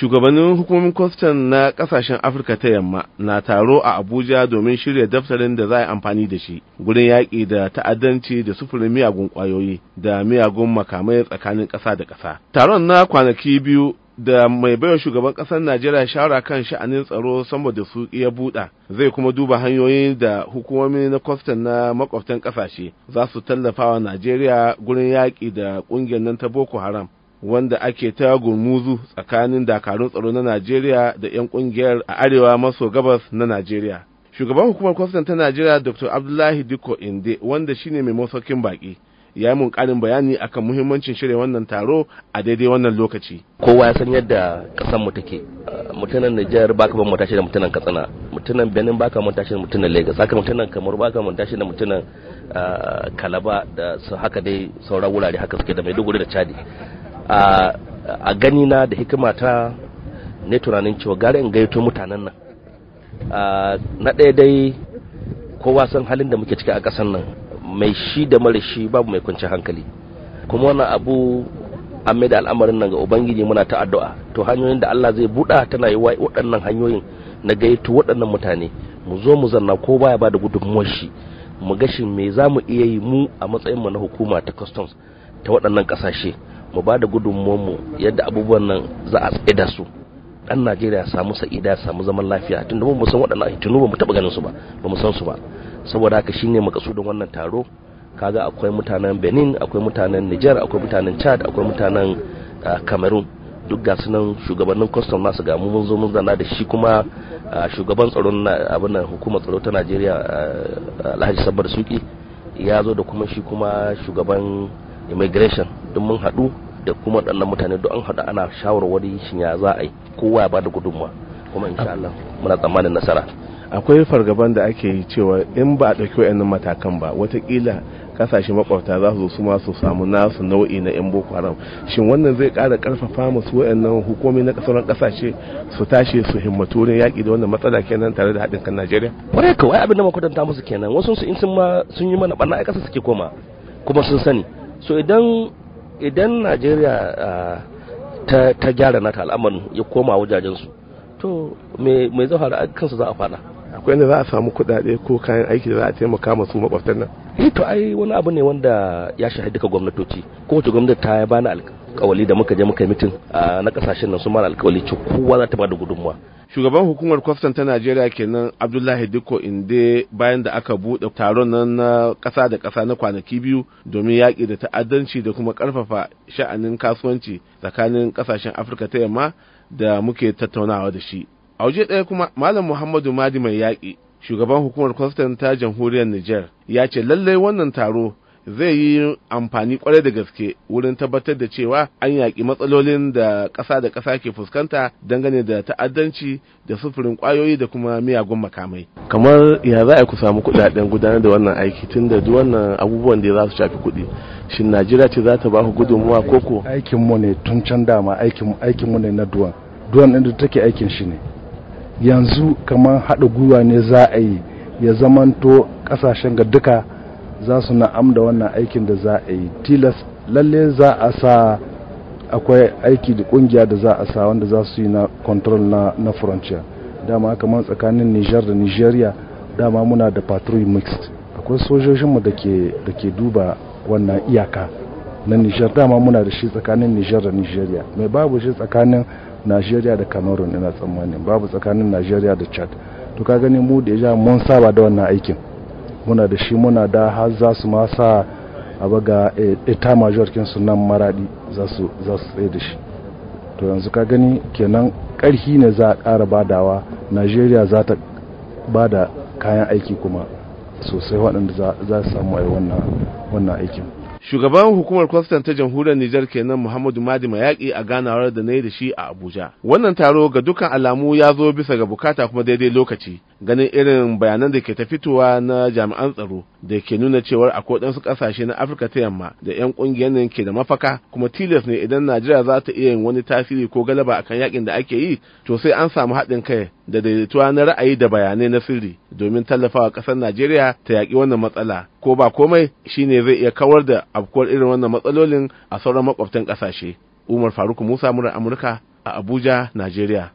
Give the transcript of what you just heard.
shugabannin hukumomin kwastan na kasashen afirka ta yamma na taro a abuja domin shirya daftarin da za a amfani da shi gurin yaƙi da ta'addanci da sufurin miyagun ƙwayoyi da miyagun makamai tsakanin ƙasa da ƙasa taron na kwanaki biyu da mai baiwa shugaban ƙasar najeriya shawara kan sha'anin tsaro sama da su ya buɗa zai kuma duba hanyoyin da hukumomi na kwastan na makwabtan ƙasashe za su tallafa wa najeriya gurin yaƙi da ƙungiyar nan ta boko haram wanda ake ta gurmuzu tsakanin dakarun tsaro na Najeriya da 'yan kungiyar a arewa maso gabas na Najeriya. Shugaban hukumar kwastan ta Najeriya Dr. Abdullahi Dikko Inde wanda shine mai masaukin baki ya yi mun karin bayani akan muhimmancin shirya wannan taro a daidai wannan lokaci. Kowa ya san yadda kasan mu take. Mutanen Nijar baka ban mutashi da mutanen Katsina, mutanen Benin baka mutashi da mutanen Lagos, haka mutanen ba baka mutashi da mutanen Kalaba ah, da su haka dai sauran wurare haka suke da Maiduguri da Chadi. a gani na da hikima ta ne tunanin cewa gara in gaito mutanen nan na ɗaya dai kowa san halin da muke ciki a ƙasar nan mai shi da mara shi babu mai kwanci hankali kuma wannan abu an mai da al'amarin nan ga ubangiji muna ta addu'a to hanyoyin da Allah zai buɗa tana yi waɗannan hanyoyin na gaito waɗannan mutane mu zo mu zanna ko baya ba da gudunmuwar shi mu gashi me za mu iya yi mu a matsayin mu na hukuma ta customs ta waɗannan ƙasashe mu ba da mu yadda abubuwan nan za a tsaye da su dan najeriya samu sa'ida samu zaman lafiya tun da mu san waɗannan tunu ba mu taɓa ganin su ba ba mu san su ba saboda haka shine makasudin wannan taro kaga akwai mutanen benin akwai mutanen niger akwai mutanen chad akwai mutanen cameroon duk ga sunan shugabannin custom nasu ga mu mun zo mun zana da shi kuma shugaban tsaron abin nan hukumar tsaro ta najeriya alhaji sabbar suki ya zo da kuma shi kuma shugaban immigration duk mun haɗu da kuma ɗannan mutane duk an haɗu ana shawarwari shin ya za a yi kowa ya bada gudunmawa kuma insha Allah muna tsammanin nasara akwai fargaban da ake yi cewa in ba a ɗauki wa'annan matakan ba watakila kasashe makwabta za su su ma su samu nasu nau'i na yan boko haram shin wannan zai ƙara ƙarfafa musu wa'annan hukumomi na sauran kasashe su tashi su himmatu wurin yaƙi da wannan matsala kenan tare da haɗin kan najeriya kwarai kawai abin da ta musu kenan wasu su in sun yi mana ɓanna a ƙasa suke koma kuma sun sani so idan idan najeriya ah, ta gyara nata al'amarin ya koma wajajensu to mai zafara kansu za a fada akwai inda za a samu kuɗaɗe ko kayan aiki da za a taimaka masu makwabtan nan eh to ai wani abu ne wanda ya shahi duka gwamnatoci kowace gwamnati ta bani alkawali da muka je muka yi mitin na kasashen nan sun bani alkawali ce kowa za ta bada gudunmuwa shugaban hukumar kwastan ta najeriya kenan abdullahi dikko inde bayan da aka buɗe taron nan na ƙasa da kasa na kwanaki biyu domin yaƙi da ta'addanci da kuma ƙarfafa sha'anin kasuwanci tsakanin ƙasashen afirka ta yamma da muke tattaunawa da shi a waje ɗaya kuma malam muhammadu madi mai yaƙi shugaban hukumar kwastan ta jamhuriyar niger ya ce lallai wannan taro zai yi amfani kwarai da gaske wurin tabbatar da cewa an yaƙi matsalolin da ƙasa da ƙasa ke fuskanta dangane da ta'addanci da sufurin ƙwayoyi da kuma miyagun makamai. Kamar ya za a ku samu kuɗaɗen gudanar da wannan aiki tun da duk wannan abubuwan da za su shafi kuɗi. Shin Najeriya ce za ta ba ku gudunmuwa koko? Aikin ne tun can dama aikin ne na duwan. Duwan ɗin da take aikin shi ne. yanzu kamar haɗa gwiwa ne za a yi ya zamanto ƙasashen ga duka za su na'am da wannan aikin da za a yi tilas lalle za a sa akwai aiki da kungiya da za a sa wanda za su yi na control na, na frontier dama kamar tsakanin niger da nigeria dama muna da patrol mixed akwai sojojinmu da ke, da ke duba wannan iyaka na niger dama muna da shi tsakanin niger da nigeria mai babu shi tsakanin Najeriya da Cameroon ina tsammanin babu tsakanin Najeriya da Chad to ka gani mu da ya mun saba da wannan aikin muna da shi muna da har za su ma sa a baga ita eh, major su nan maradi za su tsaye da shi to yanzu ka gani kenan karfi ne za a ƙara badawa najeriya za ta bada kayan aiki kuma sosai waɗanda za su samu a wannan aikin shugaban hukumar kwastan ta jamhuriyar nijar kenan muhammadu madi mayaki a ganawar da na yi da shi a abuja wannan taro ga dukkan alamu ya zo bisa ga bukata kuma daidai lokaci ganin irin bayanan da ke ta fitowa na jami'an tsaro da ke nuna cewar akwai su ƙasashe na afirka ta yamma da 'yan ƙungiyar nan ke da mafaka kuma tilas ne idan najeriya za ta iya yin wani tasiri ko galaba akan yakin da ake yi to sai an samu haɗin kai da daidaituwa na ra'ayi da bayanai na sirri domin tallafawa ƙasar najeriya ta yaƙi wannan matsala ko ba komai shine zai iya kawar da afkuwar irin wannan matsalolin a sauran makwabtan ƙasashe umar faruk musa murar amurka a abuja najeriya